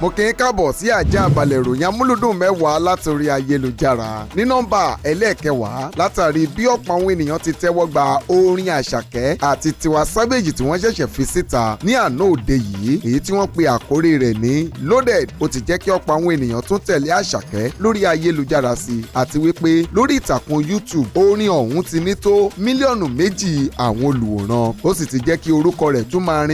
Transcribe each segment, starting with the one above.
mo kì í káàbọ̀ sí àjà àbàlẹ̀ ìròyìn amúlùdùn mẹ́wàá látòrí ayélujára ní nọ́mbà ẹlẹ́ẹ̀kẹwàá látàrí bí ọ̀pọ̀ àwọn ènìyàn ti tẹ́wọ́ gba orin àṣàkẹ́ àti tiwa sábẹ́jì tí wọ́n ṣẹ̀ṣẹ̀ fi síta ní àná òde yìí èyí tí wọ́n pe àkórí rẹ̀ ní loaded ó ti jẹ́ kí ọ̀pọ̀ àwọn ènìyàn tún tẹ̀lé àṣàkẹ́ lórí ayélujára sí àti wípé lórí ìtàkùn YouTube orin ọ̀hún ti ní tó mílíọ̀nù méjì àwọn olùwòran ó sì ti jẹ́ kí orúkọ rẹ̀ tún máa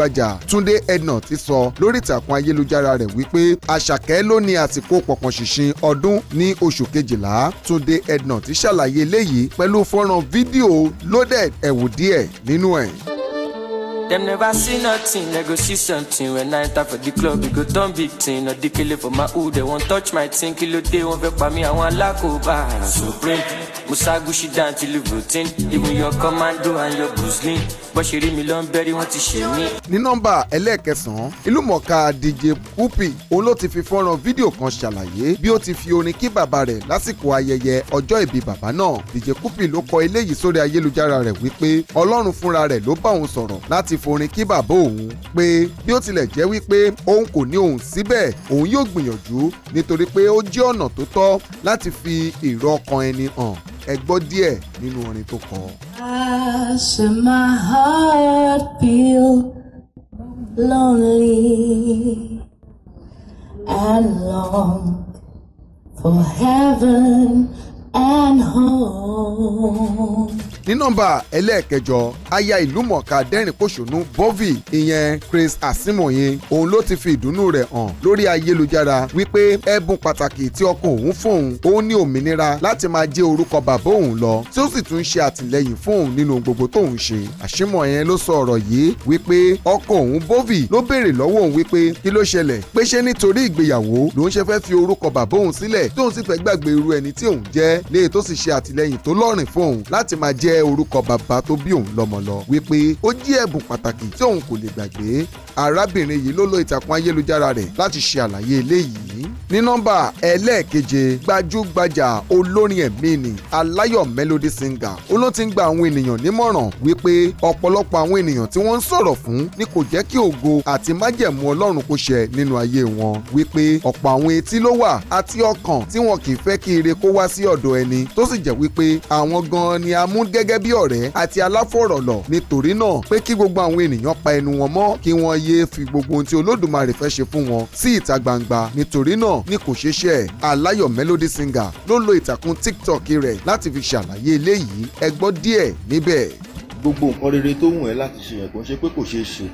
gbajúgbajà Túndé Edna ti sọ lórí ìtàkùn ayélujára rẹ̀ wípé Àṣàkẹ́ ló ní àsìkò pọ̀pọ̀n ṣìnṣìn ọdún ní oṣù kejìlá Túndé Edna ti ṣàlàyé eléyìí pẹ̀lú fọ́nrán fídíò loaded. ẹ̀wù díẹ̀ nínú ẹ̀. Them never see nothing, they go see something. When I enter for the club, it go turn big thing. No dikele for my hood, they won't touch my thing. Kilo day won't back by me, I want lakoba. Supreme, Musagushi down till you routine. Even your commando and your Bruce Lee. Ní nọ́mbà ẹlẹ́ẹ̀kẹsàn-án, ìlúmọ̀ọ́ká DJ Kupi òun ló ti fi fọ́nrán fídíò kan ṣàlàyé bí ó ti fi orin kí bàbá rẹ̀ lásìkò ayẹyẹ ọjọ́ ìbí bàbá náà. DJ Kupi ló kọ eléyìí sórí ayélujára rẹ̀ wípé Ọlọ́run fúnra rẹ̀ ló bá òun sọ̀rọ̀ láti forin kí bàbá òun pé bí ó tilẹ̀ jẹ́ wípé òun kò ní òun síbẹ̀ òun yóò gbìyànjú nítorí pé ó jẹ́ ọ̀nà tó tọ́ láti fi èrò ọkàn ẹni hàn ẹ gbọ́ díẹ̀ nínú orin tó kọ. As my heart feel lonely and long for heaven and home. ní nọ́mbà ẹlẹ́ẹ̀kẹjọ aya ìlúmọ̀ọ́ká dẹ́rìn-pọ̀ṣónú bọ́ọ̀vì ìyẹn Chris Asimoyin òun ló ti fi ìdùnnú rẹ̀ hàn lórí ayélujára wípé ẹ̀bùn pàtàkì tí ọkọ òun fóun òun ní òmìnira láti máa jẹ́ orúkọ bàbá òun lọ tí ó sì tún ṣe àtìlẹ́yìn fún òun nínú gbogbo tóun ṣe Asimoye ló sọ ọ̀rọ̀ yìí wípé ọkọ òun bọ́ọ̀vì ló béèrè lọ́wọ́ òun wípé kí ló ṣẹlẹ̀ pé ṣé nítorí ìgbéyàwó lòun ṣe fẹ́ fi orúkọ bàbá òun sílẹ̀ tóun sì fẹ́ gbàgbé irú ẹni tí òun jẹ́ jẹ́ léyìí tó sì ṣe àtìlẹ́yìn tó lọ́rìn fún òun láti máa jẹ́ orúkọ bàbá tó bí òun lọ́mọ lọ wípé ó jẹ́ ẹ̀bùn pàtàkì tí òun kò lè gbàgbé arábìnrin yìí ló lo ìtàkùn ayélujára rẹ̀ láti ṣe àlàyé eléyìí ní nọ́mbà ẹlẹ́ẹ̀keje gbajúgbajà olórin ẹ̀mí ni aláyọ̀ melody singer ó ló ti ń gba àwọn ènìyàn nímọ̀ràn wípé ọ̀pọ̀lọpọ̀ àwọn ènìyàn tí wọ́n ń sọ̀rọ̀ fún ni kò jẹ́ kí ògo àti májẹ̀mú ọlọ́run kó ṣẹ nínú ayé wọn wípé ọ̀pọ̀ àwọn etí ló wà àti ọkàn tí wọn kì í fẹ́ kí ire kó wá sí ọ̀dọ̀ ọ̀dọ̀ ẹni tó sì jẹ́ wípé àwọn gan ni a mú gẹ́gẹ́ bí ọ̀rẹ́ àti aláfọ̀rọ̀lọ̀ nítorí náà pé kí gbogbo àwọn ènìyàn pa ẹnu wọn mọ́ kí wọ́n yéé fi gbogbo ohun tí olódùmarè fẹ́ ṣe fún wọn sí ìta gbangba nítorí náà ni kò ṣeé ṣe aláyọ̀ melody singer ló lo ìtàkùn tiktok rẹ̀ láti fi ṣàlàyé eléyìí ẹ gbọ́ díẹ̀ níbẹ̀. gbogbo nǹkan rere tó wù ẹ́ láti ṣe yẹn kò ń ṣe pé kò ṣeé ṣe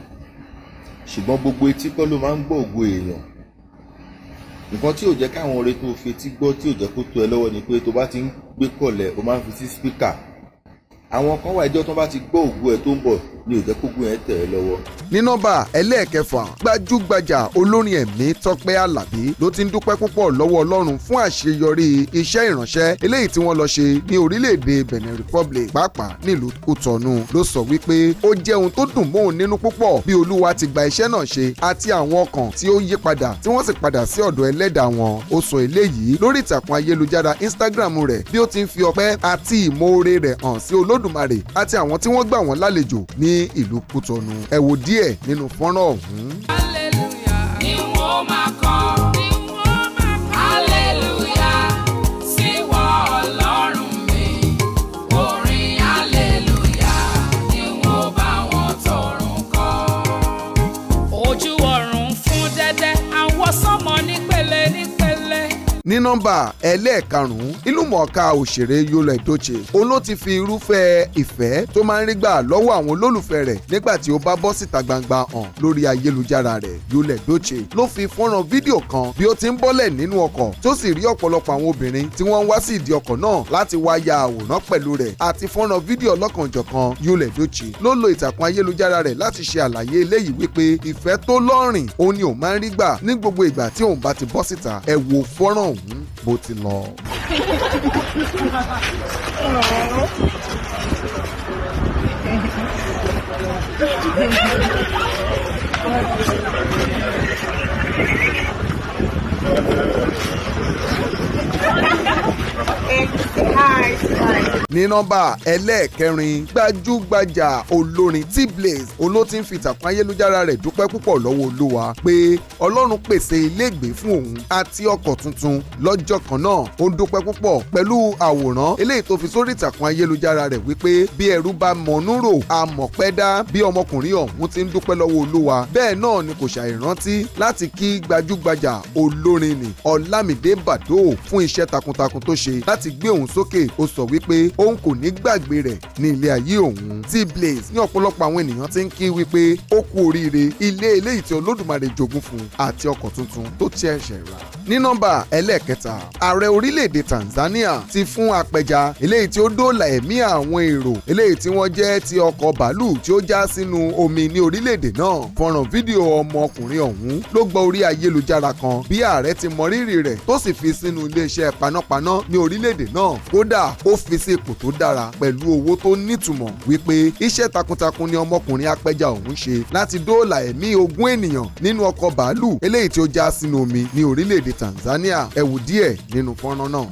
ṣùgbọ́n gbogbo etí kọ́ ló máa ń gbọ́ ògo èèyàn nǹkan tí ò jẹ́ káwọn oore tó fetí gbọ́ tí ò jẹ́ kó tó ẹ lọ́wọ́ ni pé tó bá ti ń gbé kọ̀lẹ̀ o máa ń fi sí spíkà àwọn kan wà ẹjọ́ tó bá ti gbọ́ ògùn ẹ tó ń bọ̀ ni ò jẹ́ kó gùn ẹ tẹ̀ ẹ lọ́wọ́ ní nọ́mbà ẹlẹ́ẹ̀kẹfà gbajúgbajà olórin ẹ̀mí tọ́pẹ́ àlàbí ló ti ń dúpẹ́ púpọ̀ lọ́wọ́ ọlọ́run fún àṣeyọrí iṣẹ́ ìránṣẹ́ eléyìí tí wọ́n lọ ṣe ní orílẹ̀-èdè benin republic pàápàá nílùú kútọ́nù ló sọ wípé ó jẹ́ ohun tó dùn móhun nínú púpọ̀ bí olúwa ti gba iṣẹ́ náà ṣe àti àwọn ọkàn tí ó yí padà tí wọ́n sì padà sí ọ̀dọ̀ ẹlẹ́dà wọn ó sọ eléyìí lórí ìtàkùn ayélujára instagram rẹ̀ bí ó ti ń fi ọpẹ́ díẹ̀ nínú fọ́nrán ọ̀hún. hallelujah ni wọ́n máa kọ́. ní nọ́mbà ẹlẹ́ẹ̀karùn-ún ìlúmọ̀ọ́ká òṣèré Yul Edochie òun ló ti fi irúfẹ́ ìfẹ́ tó máa ń rí gbà lọ́wọ́ àwọn olólùfẹ́ rẹ̀ nígbà tí ó bá bọ́ síta gbangba hàn lórí ayélujára rẹ̀ Yul Edochie ló fi fọ́nrán fídíò kan bí ó ti ń bọ́lẹ̀ nínú ọkọ̀ tó sì rí ọ̀pọ̀lọpọ̀ àwọn obìnrin tí wọ́n ń wá sí ìdí ọkọ̀ náà láti wá ya àwòrán pẹ̀lú rẹ̀ àti lo ìtàkùn ayélujára rẹ̀ láti ṣe àlàyé eléyìí wípé ìfẹ́ tó lọ́rìn òun ni òun máa ń rí gbà ní gbogbo ìgbà fọ́nrán òun bó ti lọ. Thank you. ní nọ́mbà ẹlẹ́ẹ̀kẹrin gbajúgbajà olórin T-Blaze olóòtú ń fi ìtàkùn ayélujára rẹ̀ dúpẹ́ púpọ̀ lọ́wọ́ olúwa pé ọlọ́run pèsè ilégbèé fún òun àti ọkọ̀ tuntun lọ́jọ́ kan náà ó ń dúpẹ́ púpọ̀ pẹ̀lú àwòrán eléyìí tó fi sórí ìtàkùn ayélujára rẹ̀ wípé bí ẹrú bá mọ̀nú rò àmọ̀pẹ́dá bí ọmọkùnrin ọ̀hún ti ń dúpẹ́ lọ́wọ́ olúwa bẹ́ẹ̀ náà ni kò ṣàìrántí láti kí gbajúgbajà olórin nì Ọlámídé Bàdóò fún iṣẹ́ takuntakun tó ṣe láti gbé òun sókè ó sọ wípé ó òun kò ní gbàgbé rẹ̀ ní ilé ayé òun tí Blaze ní ọ̀pọ̀lọpọ̀ àwọn ènìyàn ti ń kí wípé ó kú oríire ilé eléyìí tí Olódùmarè jogún fún àti ọkọ̀ tuntun tó ti ẹ̀ṣẹ̀ rà ní nọ́mbà ẹlẹ́ẹ̀kẹta ààrẹ orílẹ̀-èdè Tanzania ti fún apẹja eléyìí tí ó dóòlà ẹ̀mí àwọn èrò eléyìí tí wọ́n jẹ́ ti ọkọ̀ bàálù tí ó já sínú omi ní orílẹ̀-èdè náà fọ̀ràn fídíò ọmọkùnrin ọ̀hún ló gba orí ayélujára kan bí ààrẹ ti mọrírì rẹ̀ tó sì fi sínú iléeṣẹ́ panápaná ní orílẹ̀-èdè náà kódà ó fi sí ipò tó dára pẹ̀lú owó tó nítumọ̀ wípé iṣẹ́ takuntakun ni ọmọkùnrin apẹja ọ̀hún ṣe láti dóòlà ẹ̀mí ogún ènìyàn nínú ọkọ̀ bàálù eléyìí tí ó já sínú omi ní orílẹ̀-èdè Tanzania ẹ wù díẹ̀ nínú fọ́nrán náà.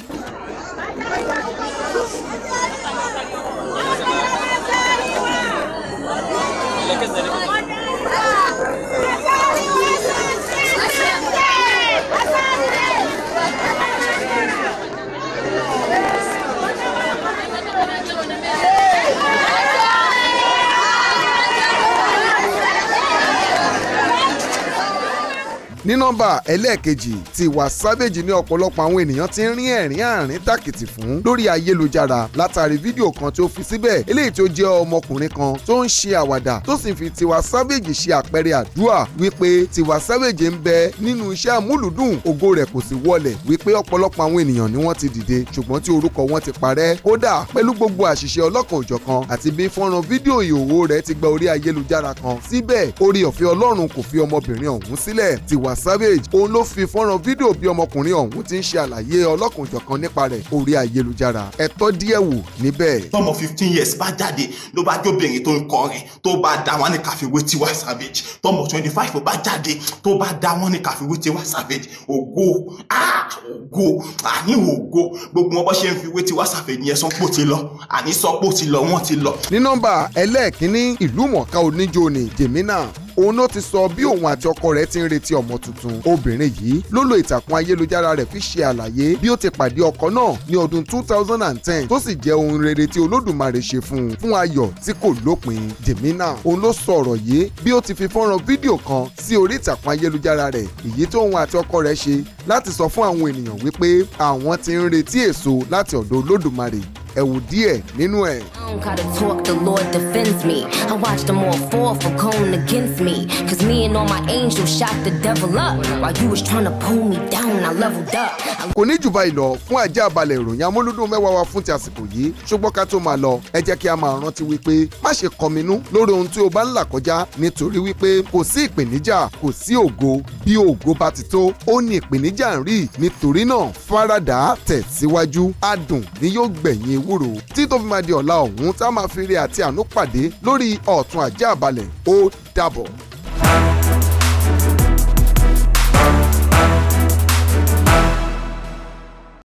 ní nọ́mbà ẹlẹ́ẹ̀kejì Tiwa Savage ní ọ̀pọ̀lọpọ̀ àwọn ènìyàn ti ń rín ẹ̀rín àárín tàkìtì fún lórí ayélujára látàrí fídíò kan tí ó fi síbẹ̀ eléyìí tó jẹ́ ọmọkùnrin kan tó ń ṣe àwàdà tó sì fi Tiwa Savage ṣe àpẹẹrẹ àdúrà wípé Tiwa Savage ń bẹ nínú iṣẹ́ àmúlùdùn ògo rẹ̀ kò sì wọlẹ̀ wípé ọ̀pọ̀lọpọ̀ àwọn ènìyàn ni wọ́n ti dìde ṣùgbọ́n tí orúkọ wọn ti parẹ́ kódà pẹ̀lú gbogbo àṣìṣe ọlọ́kan òjọ̀kan àti bí fọ́nrán fídíò ìhòòhò rẹ̀ ti gba orí ayélujára kan síbẹ̀ orí ọ̀fẹ́ Ọlọ́run kò fi ọmọbìnrin ọ̀hún sílẹ̀ Tiwa Tiwa Savage òun ló fi fọ́nrán fídíò bí ọmọkùnrin ọ̀hún ti ń ṣe àlàyé ọlọ́kanòjọ̀kan nípa rẹ̀ orí ayélujára ẹ̀tọ́ díẹ̀ wò níbẹ̀. tọmọ fifteen years bá jáde ló bá jóbìnrin tó ń kọrin tó bá da wọn ní kàfíwé Tiwa Savage tọmọ twenty five ló bá jáde tó bá da wọn ní kàfíwé Tiwa Savage ògo ah, ògo àní ògo gbogbo wọn bá ṣe ń fi wé Tiwa Savage yẹn sọpọ̀ ti lọ àní sọpọ̀ ti lọ wọ́n ti lọ. ní nọ́mbà ẹlẹ́ẹ̀kínní ìlú mọ̀ọ́ká oníjó ni Jemina òun náà ti sọ bí òun àti ọkọ rẹ̀ ti ń retí ọmọ tuntun obìnrin yìí ló lo ìtàkùn ayélujára rẹ̀ fi ṣe àlàyé bí ó ti pàdé ọkọ náà ní ọdún two thousand and ten tó sì jẹ́ ohun rere tí olódùmarè ṣe fún un fún ayọ̀ tí kò lópin jemina òun ló sọ ọ̀rọ̀ yìí bí ó ti fi fọ́nrán fídíò kan sí orí ìtàkùn ayélujára rẹ̀ èyí tó òun àti ọkọ rẹ̀ ṣe láti sọ fún àwọn ènìyàn wípé àwọn ti ń retí èso láti ọ̀dọ̀ olódùmarè ẹ díẹ̀ nínú ẹ̀. I don't gotta talk, the Lord defends me. I watched them all fall for going against me. Cause me and all my angels shot the devil up. While you was trying to pull me down, I leveled up. Kò ní jù báyìí lọ fún ajá balẹ̀ ìròyìn amúlúdùn mẹ́wàá wa fún ti àsìkò yìí. Ṣùgbọ́n ká tó máa lọ, ẹ jẹ́ kí a máa rántí wípé má ṣe kọminú lórí ohun tí o bá ń là kọjá nítorí wípé kò sí ìpèníjà kò sí ògo bí ògo bá ti tó ó ní ìpèníjà ń rí nítorí náà faradà tẹ̀síwájú adùn ni yóò gbẹ̀yìn wúrò tí tó fi máa di ọ̀la ọ̀hún tá a máa fi ire àti àánú pàdé lórí ọ̀tún àjẹ́ àbalẹ̀ ó dàbọ̀.